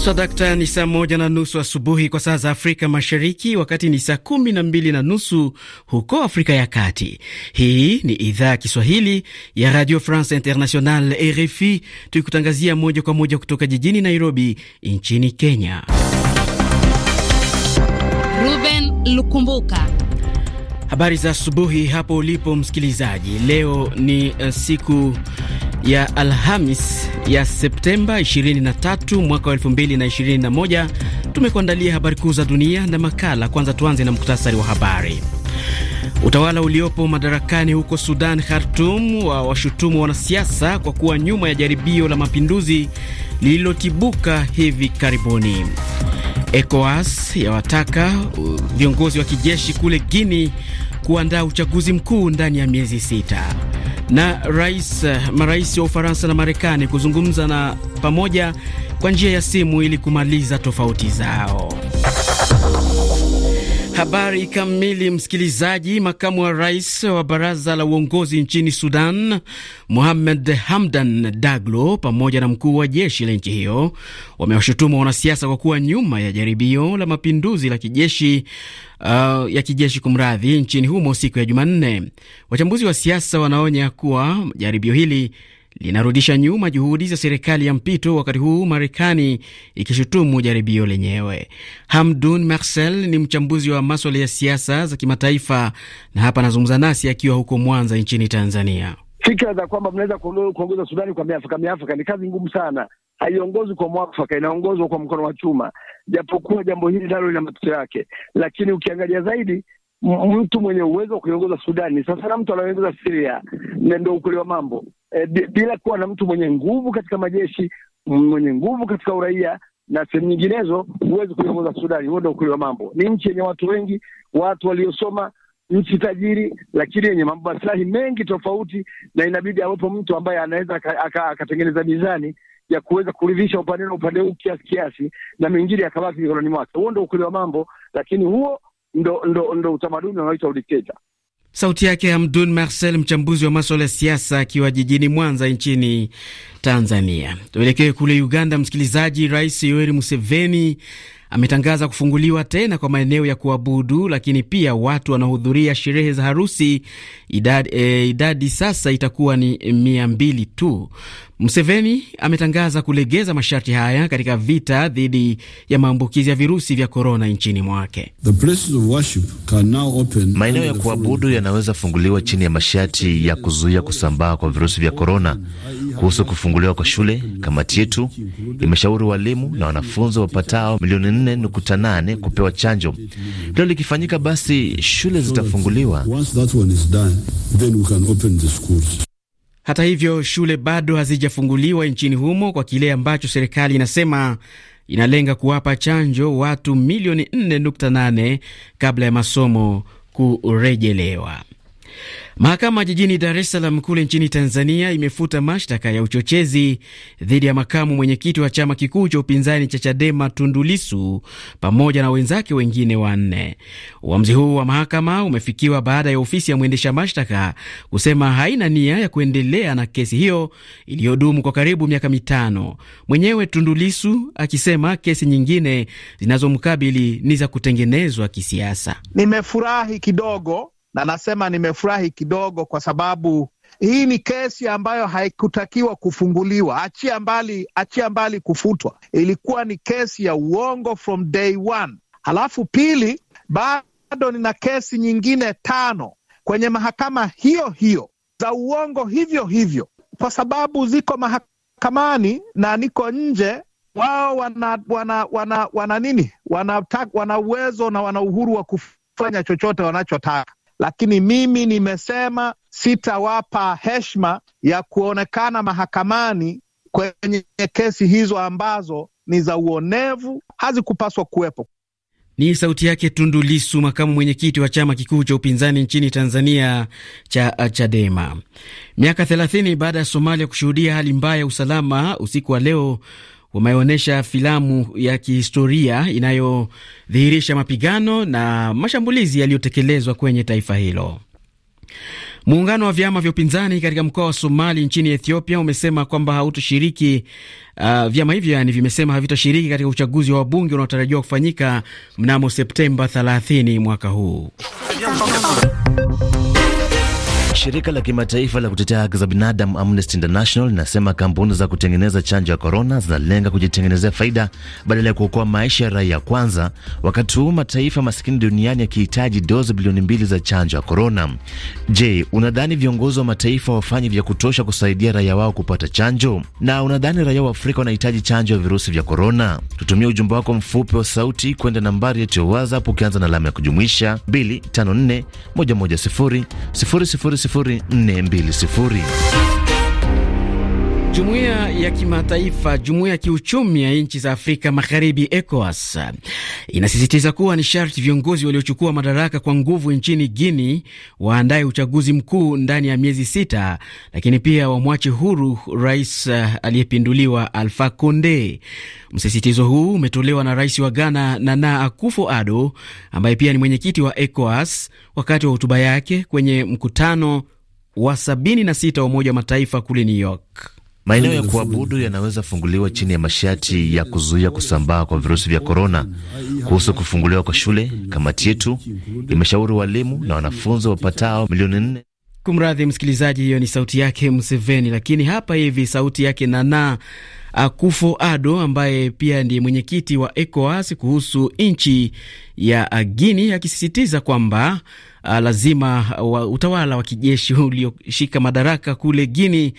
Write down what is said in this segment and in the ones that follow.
So, dakta, ni saa moja na nusu asubuhi kwa saa za Afrika Mashariki, wakati ni saa kumi na mbili na nusu huko Afrika ya Kati. Hii ni idhaa ya Kiswahili ya Radio France International, RFI, tukikutangazia moja kwa moja kutoka jijini Nairobi nchini Kenya. Ruben Lukumbuka. Habari za asubuhi hapo ulipo msikilizaji. Leo ni uh, siku ya Alhamis ya Septemba 23 mwaka 2021 tumekuandalia habari kuu za dunia na makala. Kwanza tuanze na muktasari wa habari. Utawala uliopo madarakani huko Sudan, Khartoum, wa washutumu wanasiasa kwa kuwa nyuma ya jaribio la mapinduzi lililotibuka hivi karibuni. ECOWAS yawataka viongozi wa kijeshi kule Guinea kuandaa uchaguzi mkuu ndani ya miezi sita na rais eh, marais wa Ufaransa na Marekani kuzungumza na pamoja kwa njia ya simu ili kumaliza tofauti zao. Habari kamili, msikilizaji. Makamu wa rais wa baraza la uongozi nchini Sudan, Mohamed Hamdan Daglo, pamoja na mkuu wa jeshi la nchi hiyo wamewashutumu wanasiasa kwa kuwa nyuma ya jaribio la mapinduzi la kijeshi uh, ya kijeshi kumradhi, nchini humo siku ya Jumanne. Wachambuzi wa siasa wanaonya kuwa jaribio hili linarudisha nyuma juhudi za serikali ya mpito, wakati huu Marekani ikishutumu jaribio lenyewe. Hamdun Marcel ni mchambuzi wa maswala ya siasa za kimataifa na hapa anazungumza nasi akiwa huko Mwanza nchini Tanzania. Fikra za kwamba mnaweza kuongoza Sudani kwa miafaka miafaka ni kazi ngumu sana, haiongozwi kwa mwafaka, inaongozwa kwa mkono wa chuma, japokuwa jambo hili nalo lina matatizo yake, lakini ukiangalia zaidi mtu mwenye uwezo wa kuiongoza Sudani sasa na mtu anaongoza Syria, ndio ukweli wa mambo eh, bila kuwa na mtu mwenye nguvu katika majeshi, mwenye nguvu katika uraia na sehemu nyinginezo, huwezi kuiongoza Sudani. Huo ndio ukweli wa mambo. Ni nchi yenye watu wengi, watu waliosoma, nchi tajiri, lakini yenye mambo maslahi mengi tofauti, na inabidi awepo mtu ambaye anaweza akatengeneza mizani ya kuweza kuridhisha upande na upande huu kiasi kiasi, na mengine yakabaki mikononi mwake. Huo ndio ukweli wa mambo, lakini huo ndo, ndo, ndo utamaduni unaoitwa udikteta. Sauti yake Hamdun Marcel, mchambuzi wa maswala ya siasa, akiwa jijini Mwanza nchini Tanzania. Tuelekee kule Uganda, msikilizaji. Rais Yoweri Museveni ametangaza kufunguliwa tena kwa maeneo ya kuabudu, lakini pia watu wanaohudhuria sherehe za harusi idadi, e, idadi sasa itakuwa ni mia mbili tu. Museveni ametangaza kulegeza masharti haya katika vita dhidi ya maambukizi ya virusi vya korona nchini mwake. Maeneo ya kuabudu yanaweza funguliwa chini ya masharti ya kuzuia kusambaa kwa virusi vya korona. Kuhusu kufunguliwa kwa shule, kamati yetu imeshauri walimu na wanafunzi wapatao milioni nne nukta nane kupewa chanjo. Hilo likifanyika, basi shule zitafunguliwa. Hata hivyo, shule bado hazijafunguliwa nchini humo kwa kile ambacho serikali inasema inalenga kuwapa chanjo watu milioni 4.8 kabla ya masomo kurejelewa. Mahakama jijini Dar es Salaam kule nchini Tanzania imefuta mashtaka ya uchochezi dhidi ya makamu mwenyekiti wa chama kikuu cha upinzani cha Chadema tundulisu pamoja na wenzake wengine wanne. Uamuzi huu wa mahakama umefikiwa baada ya ofisi ya mwendesha mashtaka kusema haina nia ya kuendelea na kesi hiyo iliyodumu kwa karibu miaka mitano, mwenyewe tundulisu akisema kesi nyingine zinazomkabili ni za kutengenezwa kisiasa. Nimefurahi kidogo na nasema nimefurahi kidogo kwa sababu hii ni kesi ambayo haikutakiwa kufunguliwa, achia mbali, achia mbali kufutwa. Ilikuwa ni kesi ya uongo from day one. Halafu pili, bado nina kesi nyingine tano kwenye mahakama hiyo hiyo za uongo hivyo hivyo, kwa sababu ziko mahakamani na niko nje. Wao wana wana wana wana nini, wana uwezo na wana uhuru wa kufanya chochote wanachotaka lakini mimi nimesema sitawapa heshima ya kuonekana mahakamani kwenye kesi hizo ambazo ni za uonevu, hazikupaswa kuwepo. Ni sauti yake Tundu Lisu, makamu mwenyekiti wa chama kikuu cha upinzani nchini Tanzania cha uh, Chadema. Miaka 30 baada ya Somalia kushuhudia hali mbaya ya usalama, usiku wa leo wameonyesha filamu ya kihistoria inayodhihirisha mapigano na mashambulizi yaliyotekelezwa kwenye taifa hilo. Muungano wa vyama vya upinzani katika mkoa wa Somali nchini Ethiopia umesema kwamba hautoshiriki. Uh, vyama hivyo yani vimesema havitashiriki katika uchaguzi wa wabunge unaotarajiwa kufanyika mnamo Septemba 30 mwaka huu. Shirika la kimataifa la kutetea haki za binadamu Amnesty International linasema kampuni za kutengeneza chanjo ya korona zinalenga kujitengenezea faida badala ya kuokoa maisha ya raia kwanza, wakati huu mataifa masikini duniani yakihitaji dozi bilioni mbili za chanjo ya korona. Je, unadhani viongozi wa mataifa wafanye vya kutosha kusaidia raia wao kupata chanjo? Na unadhani raia wa Afrika wanahitaji chanjo ya virusi vya korona? Tutumie ujumbe wako mfupi wa sauti kwenda nambari yetu ya WhatsApp ukianza na alama ya kujumuisha 254 110 000 04200. Jumuiya ya kimataifa, jumuiya ya kiuchumi ya nchi za Afrika Magharibi, ECOWAS, inasisitiza kuwa ni sharti viongozi waliochukua madaraka kwa nguvu nchini Guini waandaye uchaguzi mkuu ndani ya miezi sita, lakini pia wamwache huru rais eh, aliyepinduliwa Alfa Conde. Msisitizo huu umetolewa na rais wa Ghana Nana akufo ado ambaye pia ni mwenyekiti wa ECOWAS wakati wa hotuba yake kwenye mkutano wa 76 wa Umoja wa Mataifa kule New York. Maeneo ya kuabudu yanaweza funguliwa chini ya masharti ya kuzuia kusambaa kwa virusi vya korona. Kuhusu kufunguliwa kwa shule, kamati yetu imeshauri walimu na wanafunzi wapatao milioni nne. Kumradhi msikilizaji, hiyo ni sauti yake Museveni, lakini hapa hivi sauti yake nanaa Akufo ah, Ado ambaye pia ndiye mwenyekiti wa ECOWAS kuhusu nchi ya ah, Guini, akisisitiza kwamba a, ah, lazima wa, utawala wa kijeshi ulioshika madaraka kule Guini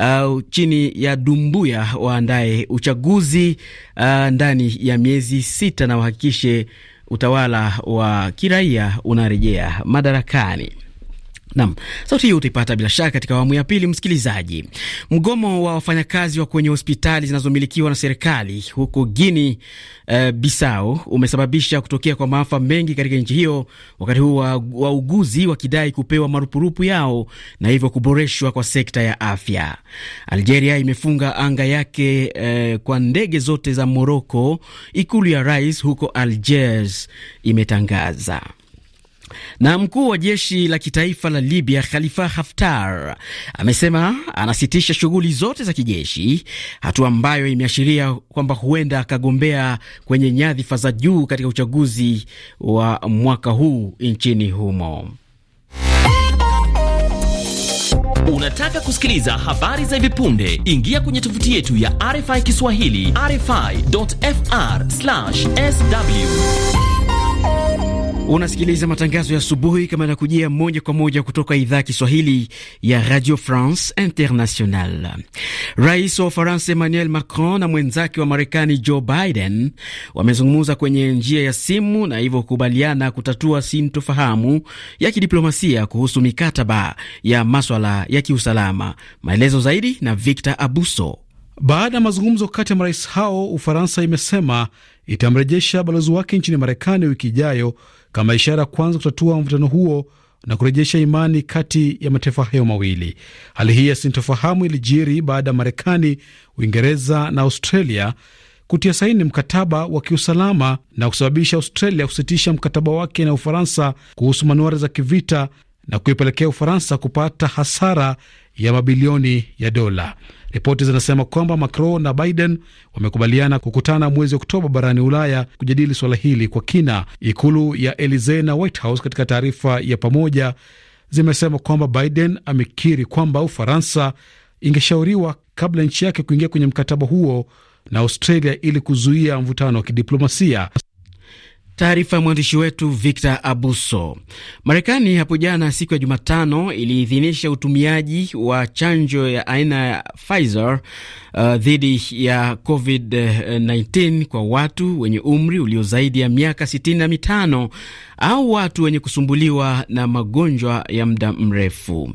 Uh, chini ya Dumbuya waandaye uchaguzi uh, ndani ya miezi sita na wahakikishe utawala wa kiraia unarejea madarakani. Nam, sauti hii utaipata bila shaka katika awamu ya pili, msikilizaji. Mgomo wa wafanyakazi wa kwenye hospitali zinazomilikiwa na serikali huko Guini uh, eh, Bisau umesababisha kutokea kwa maafa mengi katika nchi hiyo, wakati huu wauguzi wakidai kupewa marupurupu yao na hivyo kuboreshwa kwa sekta ya afya. Algeria imefunga anga yake uh, kwa ndege zote za Moroko, ikulu ya rais huko Algiers imetangaza na mkuu wa jeshi la kitaifa la Libya Khalifa Haftar amesema anasitisha shughuli zote za kijeshi, hatua ambayo imeashiria kwamba huenda akagombea kwenye nyadhifa za juu katika uchaguzi wa mwaka huu nchini humo. Unataka kusikiliza habari za hivi punde? Ingia kwenye tovuti yetu ya RFI Kiswahili, rfi.fr/sw. Unasikiliza matangazo ya asubuhi kama yanakujia moja kwa moja kutoka idhaa ya Kiswahili ya Radio France International. Rais wa Ufaransa Emmanuel Macron na mwenzake wa Marekani Joe Biden wamezungumza kwenye njia ya simu na hivyo kukubaliana kutatua sintofahamu ya kidiplomasia kuhusu mikataba ya maswala ya kiusalama. Maelezo zaidi na Victor Abuso. Baada ya mazungumzo kati ya marais hao, Ufaransa imesema itamrejesha balozi wake nchini Marekani wiki ijayo kama ishara ya kwanza kutatua mvutano huo na kurejesha imani kati ya mataifa hayo mawili. Hali hii ya sintofahamu ilijiri baada ya Marekani, Uingereza na Australia kutia saini mkataba wa kiusalama na kusababisha Australia kusitisha mkataba wake na Ufaransa kuhusu manuari za kivita na kuipelekea Ufaransa kupata hasara ya mabilioni ya dola. Ripoti zinasema kwamba Macron na Biden wamekubaliana kukutana mwezi Oktoba barani Ulaya kujadili suala hili kwa kina. Ikulu ya Elisee na White House katika taarifa ya pamoja zimesema kwamba Biden amekiri kwamba Ufaransa ingeshauriwa kabla nchi yake kuingia kwenye mkataba huo na Australia ili kuzuia mvutano wa kidiplomasia. Taarifa ya mwandishi wetu Victor Abuso. Marekani hapo jana siku ya Jumatano iliidhinisha utumiaji wa chanjo ya aina ya Pfizer uh, dhidi ya COVID-19 kwa watu wenye umri ulio zaidi ya miaka 65 na mitano au watu wenye kusumbuliwa na magonjwa ya muda mrefu.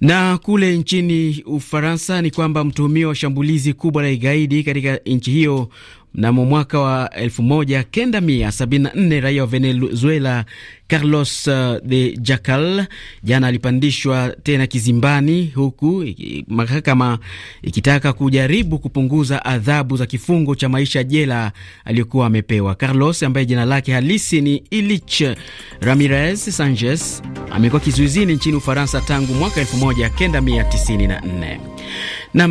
Na kule nchini Ufaransa ni kwamba mtuhumiwa wa shambulizi kubwa la igaidi katika nchi hiyo Mnamo mwaka wa 1974 raia wa Venezuela Carlos uh, de Jacal jana alipandishwa tena kizimbani, huku mahakama ikitaka kujaribu kupunguza adhabu za kifungo cha maisha jela aliyokuwa amepewa. Carlos ambaye jina lake halisi ni Ilich Ramirez Sanchez amekuwa kizuizini nchini Ufaransa tangu mwaka 1994.